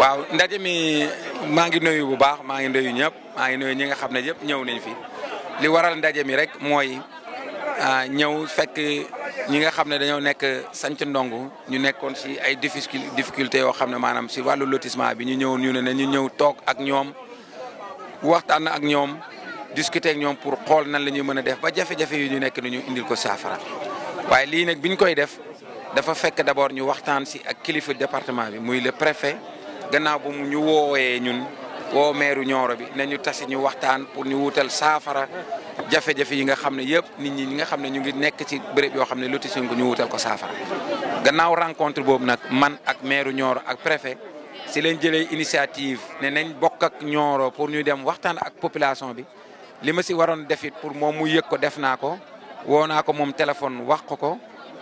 waaw ndaje mi maa ngi nuyu bu baax maa ngi nuyu ñëpp maa ngi nuyu ñi nga xam ne yëpp ñëw nañ fi li waral ndaje mi rek mooy ah, ñëw fekk ñi nga xam ne dañoo nekk sanc ndongu ñu nekkoon si ay difficulté yoo xam ne maanaam si wàllu lotissement bi ñu ñëwoon ñu ne ne ñu ñëw toog ak ñoom waxtaan ak ñoom discuter ak ñoom pour xool nan la ñuy mën a def ba jafe-jafe yu ñu nekk ni ñu indil ko saafara waaye lii nag biñ koy def dafa fekk d'abord ñu waxtaan si ak kilifa département bi muy le préfet gannaaw bu ñu woowee ñun woo meeru Nioro bi nañu tasi ñu waxtaan pour ñu wutal saafara jafe-jafe yi nga xam ne yëpp nit ñi ñi nga xam ne ñu ngi nekk ci béréb yoo xam ne loti ko ñu wutal ko saafara gannaaw rencontre boobu nag man ak meeru Nioro ak préfet si leen jëlee initiative ne nañ bokk ak Nioro pour ñu dem waxtaan ak population bi li ma si waroon defit pour moom mu yëg ko def naa ko woo naa ko moom téléphone wax ko ko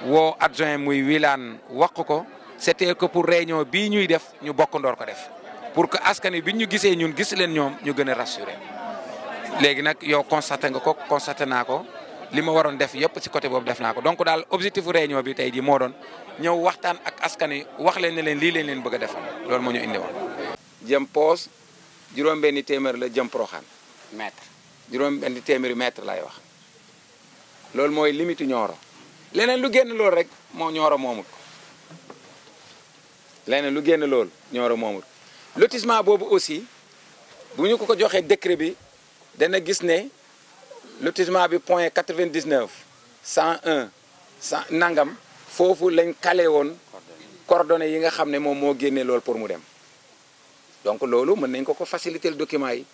woo adjoint muy wilaan wax ko c'était que pour réunion bii ñuy def ñu bokk ndoor ko def pour que askan wi bi ñu gisee ñun gis leen ñoom ñu gën a rassuré léegi nag yow constaté nga ko constaté naa ko li ma waroon def yëpp ci côté boobu def naa ko donc daal objectif réunion bi tey jii moo doon ñëw waxtaan ak askan wi wax leen ne leen lii leen leen bëgg a loolu moo ñu indi jëm poos juróom téeméer la jëm proxaan mètre juróom téeméeri mètre lay wax loolu mooy limite Nioro leneen lu génn loolu rek moo Nioro moomut leneen lu génn loolu Nioro moomul lotissement boobu aussi bu ñu ko ko joxee décret bi dana gis ne lotissement bi point 99 101 100 nangam foofu lañ kale woon coordonnées yi nga xam ne moom moo génne loolu pour mu dem donc loolu mën nañ ko ko faciliter document yi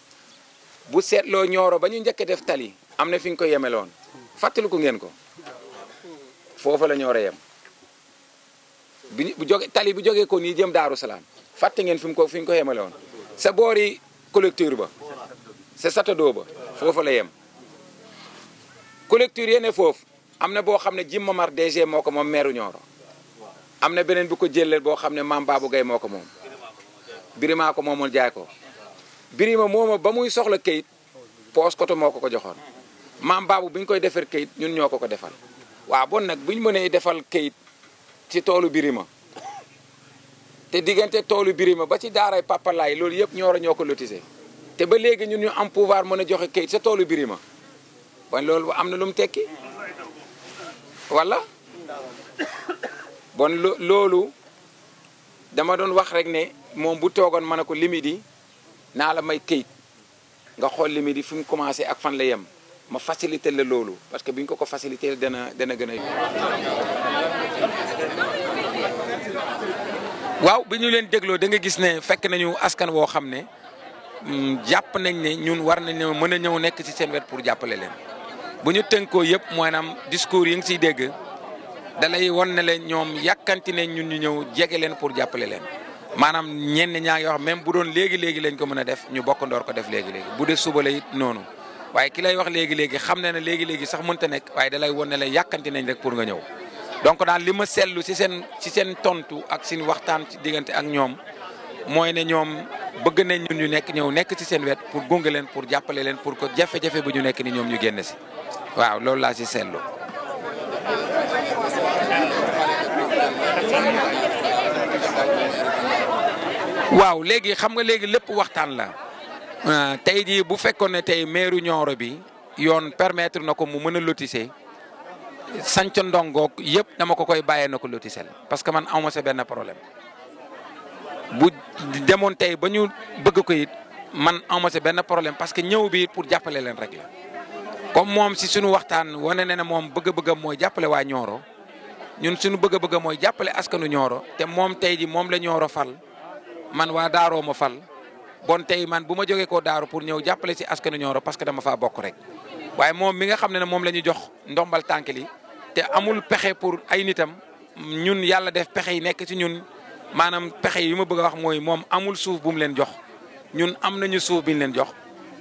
bu seetloo Nioro ba ñu njëkkee def tali am na fi ñu ko yemeloon fàttaliku ngeen ko foofu la Nioro yem bi bu jóge tali bi jógee ko nii jëm Daaru Salaam fàtte ngeen fi mu ko fi ñu ko yemale woon sa boori collecteur ba sa satadoo ba foofu la yem collecteur yene foofu am na boo xam ne Jim Mamar DG moo ko moom meeru Nioro am na beneen bu ko jëlee boo xam ne maam Babou Gueye moo ko moom Birima ko moom moomoon jaay ko Birima mooma ba muy soxla kayit poos koto moo ko ko joxoon maam Babou bi ñu koy defar kayit ñun ñoo ko ko defal waa bon nag bu ñu mënee defal kayit ci toolu biri ma te diggante toolu ma ba ci daaray papalaay loolu yëpp ñooro ñoo ko lotise te ba léegi ñun ñu am pouvoir mën a joxe kayit sa toolu Birima ba loolu am na lu mu tekki walla bon loolu dama doon wax rek ne moom bu toogoon mën a ko limi yi naa la may kayit nga xool limi di fi mu commencé ak fan la yem ma facilité la loolu parce que bi ñu ko ko facilité dana dana gën a waaw bi ñu leen dégloo da nga gis ne fekk nañu askan woo xam ne jàpp nañ ne ñun war nañ ne mën a ñëw nekk ci seen wet pour jàppale leen bu ñu tënkoo yëpp maanaam discours yi nga siy dégg da lay won ne la ñoom yàkkanti ne ñun ñu ñëw jege leen pour jàppale leen maanaam ñenn ñaa ngi wax même bu doon léegi léegi lañ ko mën a def ñu bokk ndoor ko def léegi léegi bu dee suba la it noonu waaye ki lay wax léegi léegi xam na ne léegi léegi sax mënta nekk waaye da lay won ne la yàkkanti nañ rek pour nga ñëw. donc daal li ma seetlu ci seen ci seen tontu ak seen waxtaan diggante ak ñoom mooy ne ñoom bëgg nañ ñun ñu nekk ñëw nekk ci seen wet pour gunge leen pour jàppale leen pour que jafe-jafe bu ñu nekk ni ñoom ñu génn si waaw loolu laa ci seetlu. waaw léegi xam nga léegi lépp waxtaan la ah, tey jii bu fekkoon ne tey meeru Nioro bi yoon permettre na ko mu mën a lotisser sanc ndongoog yëpp dama ko koy bàyyee na ko lotisel parce que man awma sa benn problème bu demoon tey ba ñu bëgg ko it man awma sa benn problème parce que ñëw bii pour jàppale leen rek la comme moom si suñu waxtaan wane ne ne moom bëgg bëgga mooy jàppale waa Nioro ñun suñu bëgg-bëgg mooy jàppale askanu Nioro te moom tey ji moom la Nioro fal man waa Daaroo ma fal bon tey man bu ma jógee ko Daaru pour ñëw jàppale si askanu Nioro parce que dama faa bokk rek waaye moom mi nga xam ne ne moom la ñu jox ndombal tànk li te amul pexe pour ay nitam ñun yàlla def pexe yi nekk ci ñun maanaam pexe yi ma bëgg a wax mooy moom amul suuf bu mu leen jox ñun am nañu suuf bi ñu leen jox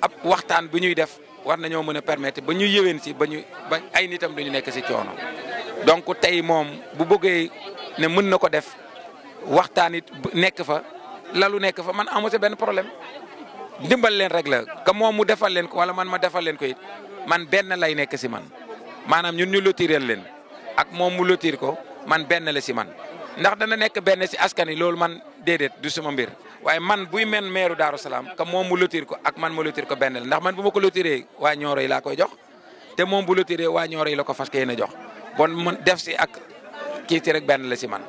ab waxtaan bu ñuy def war nañoo mën a permettre ba ñu yëwén si ba ñu ba ay nitam duñu nekk si coono donc tey moom bu bëggee ne mën na ko def waxtaan it nekk fa lalu nekk fa man amu si benn problème ndimbal leen rek la ka moom mu defal leen ko wala man ma defal leen ko it man benn lay nekk si man maanaam ñun ñu lotireel leen ak moom mu lotir ko man benn la si man ndax dana nekk benn si askan yi loolu man déedéet du sama mbir waaye man buy men meeru Daaru Salaam ka moom mu lotir ko ak man mu lotir ko benn la ndax man bu ma ko lotiree waa Nioro yi laa koy jox te moom bu lotiree waa Nioro yi la ko fas yéene jox bon man def si ak kii rek benn la si man.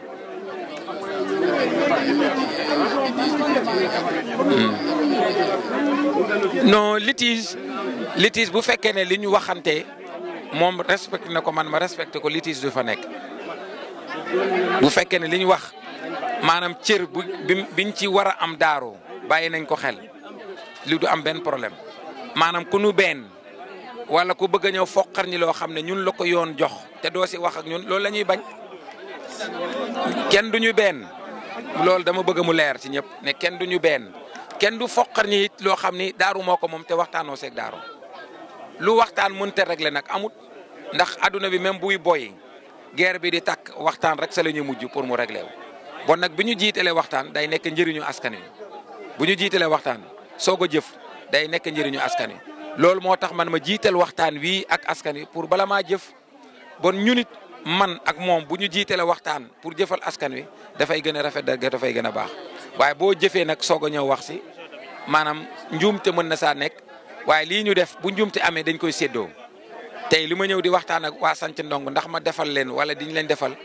Hmm. non litige litige bu fekkee ne li ñu waxante. moom respecté na ko man ma respecté ko litige du fa nekk bu fekkee ne li ñu wax maanaam cër bu biñ ci war a am daaroo bàyyi nañ ko xel li du am benn problème maanaam ku nu benn wala ku bëgg a ñëw foqar ñi loo xam ne ñun la ko yoon jox te doo si wax ak ñun loolu lañuy bañ kenn du ñu benn loolu dama bëgg mu leer ci ñëpp ne kenn du ñu benn kenn du foqar ñi it loo xam ni daaru moo ko moom te waxtaano seeg daaru lu waxtaan mënta regle nag amut ndax adduna bi même buy boy guerre bi di takk waxtaan rek sa la ñuy mujj pour mu régler wu. bon nag bi ñu jiitelee waxtaan day njëriñu askan wi bu ñu jiitelee waxtaan soog a jëf day nekk njëriñu askan wi loolu moo tax man ma jiital waxtaan wii ak askan wi pour bala maa jëf bon ñu nit man ak moom bu ñu jiitelee waxtaan pour jëfal askan wi dafay gën a rafet dafay gën a baax waaye boo jëfee nag soog a ñëw wax si maanaam te mën na saa nekk. waaye lii ñu def bu njumte amee dañ koy séddoo tey li ma ñëw di waxtaan ak waa sant ndong ndax ma defal leen wala diñ leen defal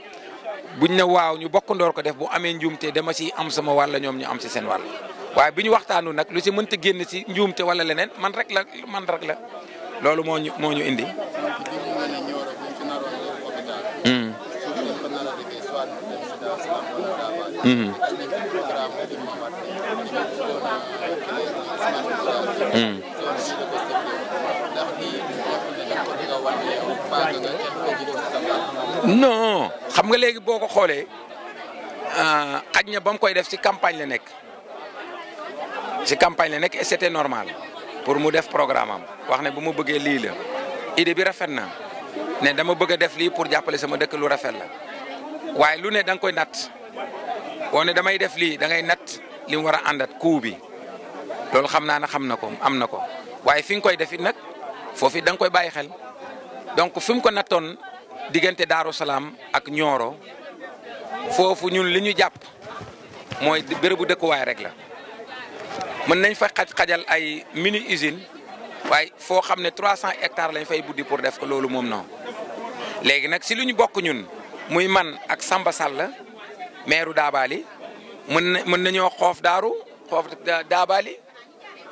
buñ ne waaw ñu bokk ko def bu amee njuumte dama ci am sama wàll ñoom ñu am si seen wàll waaye bi ñu waxtaanu nag lu ci mënta génn ci njuumte wala leneen man rek la man rek la loolu moo ñu moo ñu indi Mm. Mm-hmm. Mm. Mm-hmm. non xam nga léegi boo ko xoolee ah, xaj na ba mu koy def ci campagne la nekk si campagne la nekk et normal pour mu def programme wax ne bu ma bëggee lii la idée bi rafet na ne dama bëgg def lii pour jàppale sama dëkk lu rafet la. waaye lu ne da nga koy natt boo damay def lii dangay nat natt li mu war a àndat kuu bi loolu xam naa ne xam na ko am na ko waaye fi nga koy defit nag foofu danga koy bàyyi xel donc fi mu ko nattoon diggante Daaru Salaam ak Nioro foofu ñun li ñu jàpp mooy bérébu dëkkuwaay rek la mën nañ fa xaj xajal ay mini usine waaye foo xam ne trois 300 hectares lañ fay buddi pour def ko loolu moom non léegi nag si lu ñu bokk ñun. muy man ak Samba Sall maire Daabali mën na mën nañoo xoof daaru xoof Daabali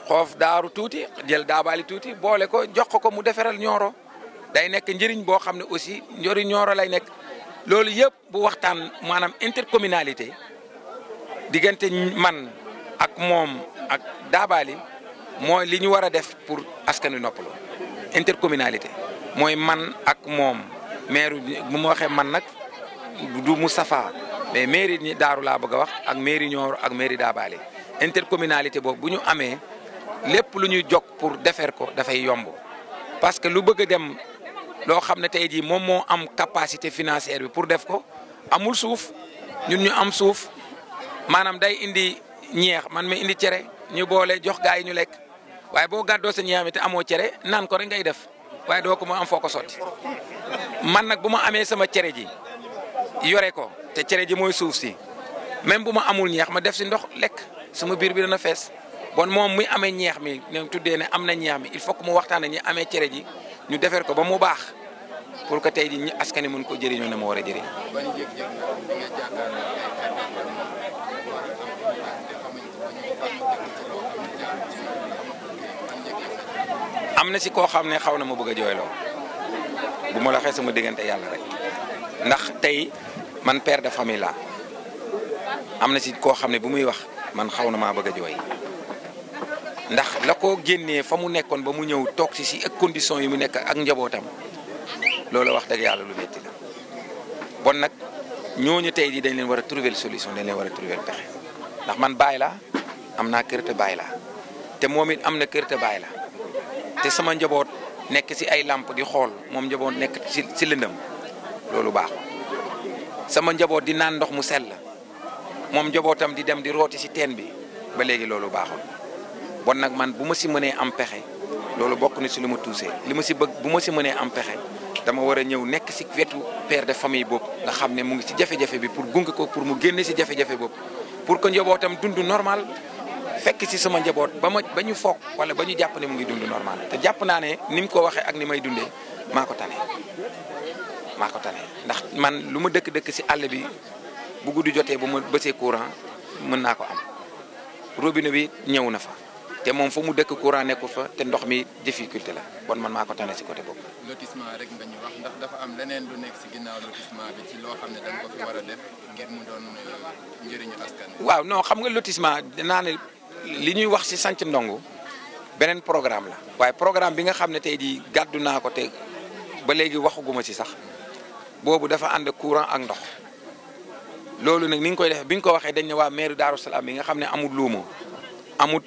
xoof daaru tuuti jël Daabali tuuti boole ko jox ko mu defaral Nioro day nekk njëriñ boo xam ne aussi njëriñ Nioro lay nekk. loolu yëpp bu waxtaan maanaam intercommunalité diggante man ak moom ak Daabali mooy li ñu war a def pour askanu wi noppaloo intercommunalité mooy man ak moom maire bu ma waxee man nag. du safaa mais mairie ñi daaru laa bëgg a wax ak mairie Nioro ak mairie Dabalé intercommunalité boobu bu ñu amee lépp lu ñuy jog pour defar ko dafay yomb parce que lu bëgg a dem loo xam ne tey jii moom moo am capacité financière bi pour def ko amul suuf ñun ñu am suuf maanaam day indi ñeex man mi indi cere ñu boole jox gaa yi ñu lekk waaye boo gàddoo sa ñeex amoo cere naan ko rek ngay def waaye doo ko moo am foo ko sotti man nag bu ma amee sama cere ji yore ko te cere ji mooy suuf si même bu ma amul ñeex ma def si ndox lekk sama biir bi dana fees bon moom muy amee ñeex mi ñoom tuddee ne am na ñeex mi il faut que mu waxtaanee ñi amee cere ji ñu defar ko ba mu baax pour que tey jii ñu askan wi mën ko jëriñoo ne ma war a jëriñ. am na si koo xam ne xaw na ma bëgg a jooyloo bu ma la waxee sama diggante yàlla rek. ndax tey man père de famille laa am na si koo xam ne bu muy wax man xaw na maa bëgg a jooy ndax la ko génnee fa mu nekkoon ba mu ñëw toog si si ak condition yi mu nekk ak njabootam loolu wax dëgg yàlla lu métti la bon nag ñooñu tey di dañ leen war a trouver solution dañ leen wara a trouver pexe ndax man baay laa am naa kër te baay laa te moom it am na kër te baay la te sama njaboot nekk si ay làmp di xool moom njaboot nekk si si lëndëm loolu baaxul sama njaboot di naan ndox mu sell moom njabootam di dem di rooti si teen bi ba léegi loolu baaxul bon nag man bu ma ci mënee am pexe loolu bokk na si lu ma tuusee li ma si bëgg bu ma si mënee am pexe dama war a ñëw nekk si wetu père de famille boobu nga xam ne mu ngi si jafe-jafe bi pour gunge ko pour mu génne ci jafe-jafe pour que njabootam dund normal fekk ci sama njaboot ba ma ba ñu foog wala ba ñu jàpp ne mu ngi dund normal te jàpp naa ne ni mu ko waxee ak ni may dundee maa ko tane maa ko tane ndax man lu ma dëkk-dëkk si àll bi bu guddi jotee bu ma bësee courant mën naa ko am robine bi ñëw na fa te moom fa mu dëkk courant nekkul fa te ndox mi difficulté la bon man maa ko si côté boobu. lotissement rek nga ñu dafa am leneen lu nekk si ginnaaw loo xam ne da nga ko a def ngir mu doon euh, njëriñu waaw non xam nga lotissement dinaa ne li ñuy wax si sanc ndongo beneen programme la waaye programme bi nga xam ne tey jii gàddu naa ko te ba léegi waxaguma ci sax. boobu dafa ànd courant ak ndox loolu nag ni nga koy defee bi nga ko waxee dañ ne waa maire Darou Salaam bi nga xam ne amul luuma amut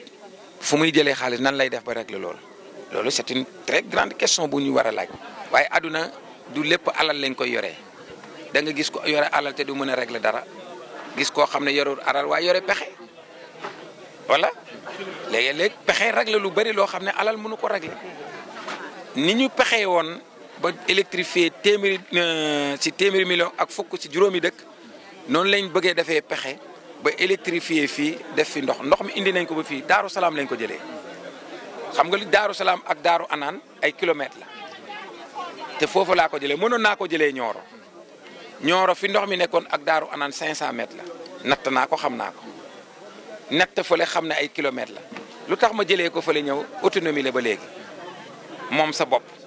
fu muy jëlee xaalis nan lay def ba régler loolu loolu c'est une très grande question bu ñu war a laaj waaye àdduna du lépp alal lañ koy yoree da nga gis ko yore alal te du mën a régler dara gis koo xam ne yore alal waaye yore pexe voilà léegi léeg pexe régler lu bari loo xam ne alal mënu ko régler ni ñu pexe woon ba électrifier téeméeri ci téeméeri million ak fukk ci juróomi dëkk noonu lañ bëggee defee pexe ba électrifier fii def fi ndox ndox mi indi nañ ko ba fii Daaru Salaam lañ ko jëlee xam nga li Daaru Salaam ak Daaru Anaan ay kilomètres la te foofu laa ko jëlee mënoon naa ko jëlee Nioro Nioro fi ndox mi nekkoon ak Daaru Anaan 500 mètres la natt naa ko xam naa ko natt fële xam ne ay kilomètres la lu tax ma jëlee ko fële ñëw autonomie la ba léegi moom sa bopp.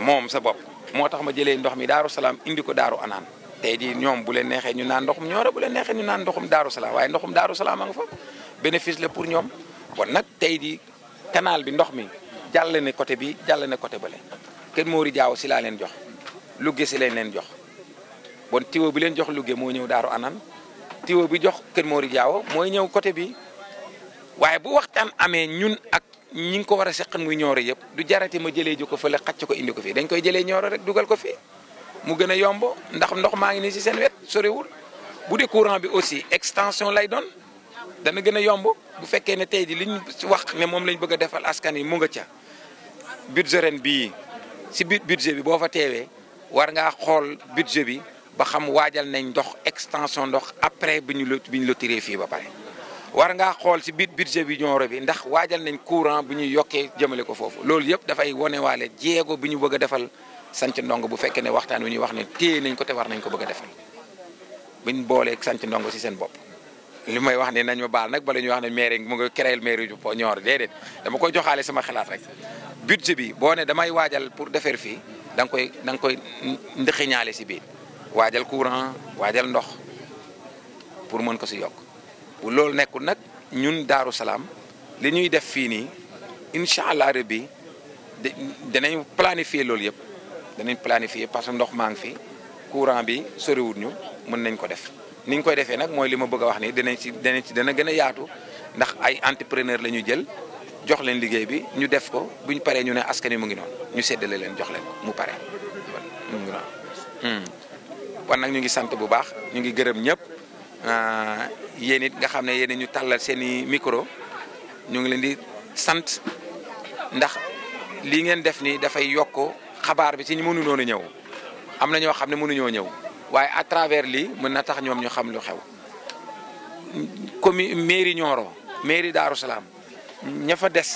moom sa bopp moo tax ma jëlee ndox mi daaru salaam indi ko daaru anaan tey jii ñoom bu leen neexee ñu naan ndoxum ñooro bu leen neexee ñu naan ndoxum daaru salaam waaye ndoxum daaru salaam a nga fa bénéfice la pour ñoom bon nag tey jii kanaal bi ndox mi jàll ne côté bi jàll ne côté bale kër Mori Diaw si laa leen jox Louga si lañ leen jox bon tiwo bi leen jox Louga moo ñëw daaru anan tiwo bi jox kër Mori Diaw mooy ñëw côté bi waaye bu waxtaan amee ñun ñi ko war a muy ñoro yëpp du jarati ma jëlee ji ko fële xacc ko indi ko fi dañ koy jëlee ñoro rek dugal ko fi mu gëna a ndax ndox ma ngi nii si seen wet soriwul bu dee courant bi aussi extension lay don dana gën a yomb bu fekkee né tay di liñ wax né mom lañ bëgg défal askan yi mu nga ca budget ren bi ci budget bi bo fa téwé war nga xol budget bi ba xam waajal nañ ndox extension ndox après bi ñu bi ñu lotiree fii ba pare war ngaa xool si biir budget bi Nioro bi ndax waajal nañ courant bu ñuy yokkee jëmale ko foofu loolu yëpp dafay wonewaale jéego bu ñu bëgg a defal sanc ndongo bu fekkee ne waxtaan wi ñuy wax ne téye nañ ko te war nañ ko bëgga a bu ñu boolee sanc ndongo si seen bopp li may wax ne nañ ma baal nag bala ñuy wax ne maire mu nga créer maire ju Nioro déedéet dama koy joxaale sama xalaat rek budget bi boo ne damay waajal pour defer fii da nga koy da nga koy ndëxiñaale si biir waajal courant waajal ndox pour mën ko si yokk loolu nekkul nag ñun Daaru Salaam li ñuy def fii nii incha allah rabbi danañ planifier loolu yëpp danañ planifier parce que ndox maa ngi fi courant bi soriwut ñu mën nañ ko def ni ñu koy defee nag mooy li ma bëgg a wax nii danañ ci danañ ci dana gën a yaatu ndax ay entrepreneur la ñu jël jox leen liggéey bi ñu def ko bu ñu paree ñu ne askan wi mu ngi noonu ñu séddale leen jox leen mu pare mu hmm. nag ñu ngi sant bu baax ñu ngi gërëm ñëpp. Euh, yéen it nga xam ne yéen ñu tàllal seeni micro ñu ngi leen di sant ndax lii ngeen def nii dafay yokk xabaar bi ci ñu mënuloon a ñëw am na ñoo xam ne mënuñoo ñëw waaye à travers lii mën na tax ñoom ñu xam lu xew commune mairie Nioro mairie Darou Salaam ña fa des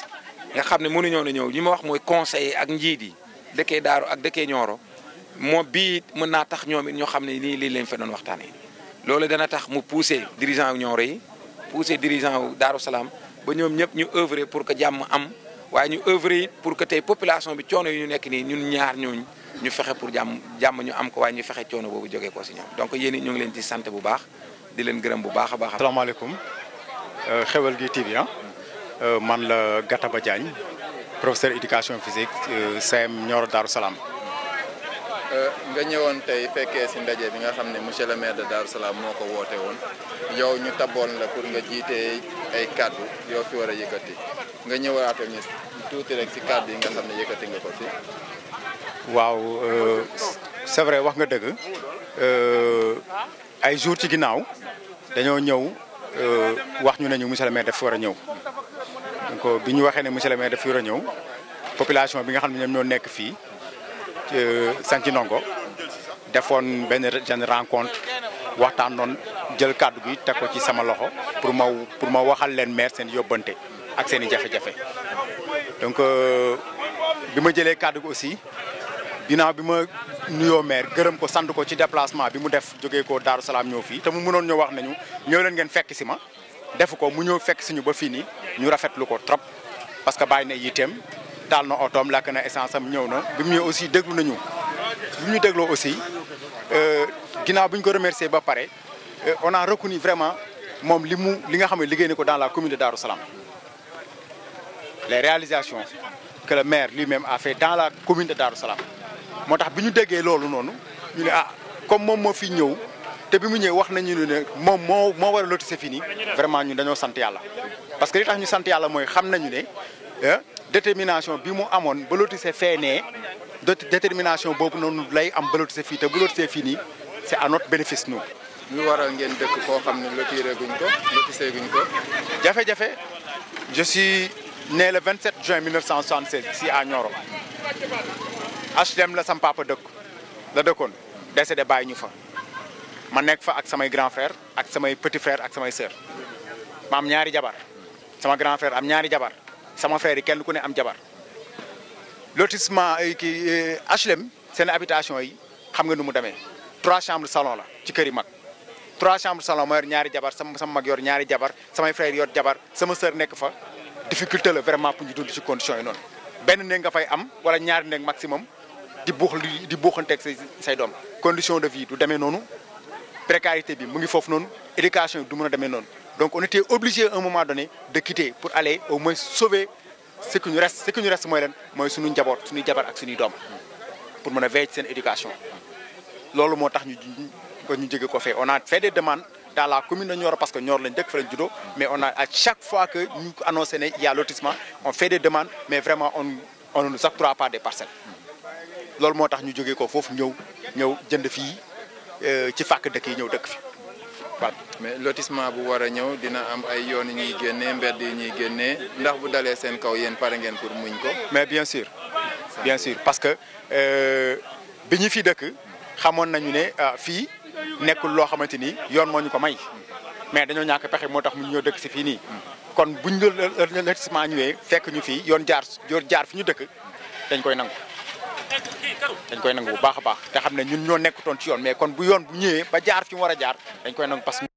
nga xam ne mënuñoo na ñëw ñi ma wax mooy conseiller ak njiit yi dëkke Daaru ak dëkkee ñooro moo bii mën naa tax ñoom it ñoo xam ne nii lii leen fenoon doon waxtaanee. lolé dana tax mu pousser dirigeant wu Nioro pousser dirigeant wu Daaru Salaam ba ñoom ñep ñu œuvrer pour que jamm am waaye ñu œuvrer pour que tay population bi choono yi ñu nekk ni ñun ñaar ñooñu ñu fexé pour jamm jamm ñu am ko waaye ñu fexé choono bobu joggé ko ci ñoom donc yéen ñu ngi leen ci santé bu baax di leen gërëm bu baax a alaykum euh Xewal gi TV ah. euh, man la Gataba Diagne professeur éducation physique euh, CM Nioro Daaru salam Euh, nga ñëwoon tey fekkee si ndaje bi nga xam ne monsieur le maire de Darou Salaam moo ko woote woon yow ñu taboon la pour nga jiitee ay kàddu yoo fi war a yëkkati nga ñëwaatoo ñu tuuti rek si kàddu yi nga xam ne yëkkati nga ko fi. waaw euh, c'est vrai wax nga dëgg euh, ay jours ci ginnaaw dañoo ñëw wax ñu ne ñu monsieur le maire daf fi war a ñëw donc bi ñu waxee ne monsieur le maire daf a ñëw population bi nga xam ne ñoom ñoo nekk fii. Santhi Ndongo defoon benn jeune rencontre waxtaan noonu jël kàddu gi teg ko ci sama loxo pour ma pour ma waxal leen maire seen yobbante ak seen i jafe-jafe donc euh, bi ma jëlee kàddu gi aussi ginnaaw bi ma nuyoo maire gërëm ko sant ko ci déplacement bi mu def jógee ko Daaru Salaam ñëw fii te mu mënoon ñoo wax nañu ñëw leen ngeen fekk si ma def ko mu ñëw fekk si ñu ba fii nii ñu rafetlu ko trop parce que bàyyi na taal na otoom làkk na essence am ñëw na bi mu aussi deglu nañu bi mu ñu aussi euh ginaaw buñ ko remercier ba paré euh, on a reconnu vraiment mom limu li nga xam ne ko dans la commune de Darou Salam les réalisations que le maire lui-même a fait dans la commune de Darou Salam motax biñu déggé lolu nonu ñu ne ah comme mom mo fi ñew té bi mu ñew wax nañu ne mom mo moo war a lotissé fini vraiment ñu dañoo sante yalla parce que li tax ñu sante yalla moy xam nañu hein détermination bi mu amone ba détermination bop lay am ba fini, c'est à notre bénéfice nous. ñu waral ngeen dëkk foo xam ne guñ ko juin guñ ko. à jafé je suis né le 27 juin 1976 ici à Nioro Je la sam papa dëkk la dëkkoon je suis ñu fa ma juin fa ak samay grand frère ak samay petit frère ak samay sœur ma am ñaari jabar sama grand frère am ñaari jabar. sama frère yi kenn ku ne am jabar lotissement euh, kii HLM euh, seen habitation yi xam nga nu mu demee trois chambres salon la ci kër yi mag trois chambres salon ma ñaari jabar sama sama mag yor ñaari jabar samay frère yor jabar sama sœur nekk fa difficulté la vraiment pour ñu dund ci condition yi noonu benn néeg nga fay am wala ñaari néeg maximum di buux di buuxanteeg say say doom condition de vie du demee noonu précarité bi mu ngi foofu noonu éducation yi du mën a demee noonu Donc on était obligé à un moment donné de quitter pour aller au moins sauver ce qui nous reste. Ce qui nous reste, que nous sommes fait, ce que pour mon veille cette éducation. C'est motax nous nous avons fait. On a fait des demandes dans la commune de Nyoro parce que Nyoro lañ fait des judo mais on a à chaque fois que nous annonçons y a lotissement, on fait des demandes mais vraiment on ne nous pas des parcelles. C'est motax nous nous ko fait. Nous ñew jënd euh, fi ci yi pat mais lotissement bu war a ñëw dina am ay yoon yu ñuy génnee mbedd yu ñuy génnee ndax bu dalee seen kaw yéen pare ngeen pour muñ ko. mais bien sûr bien sûr parce que euh, bi ñu fi dëkk xamoon nañu ne ah, fii nekkul loo xamante ni yoon moo ñu ko may mais dañoo ñàkk pexe moo tax mu ñoo dëkk si fii nii. kon buñ lotissement ñëwee fekk ñu fii yoon jaar yoon jaar fi ñu dëkk dañ koy nangu. dañ koy nangu bu baax a baax te xam ne ñun ñoo nekkutoon ci yoon mais kon bu yoon bu ñëwee ba jaar fi mu a jaar dañ koy nangu parce que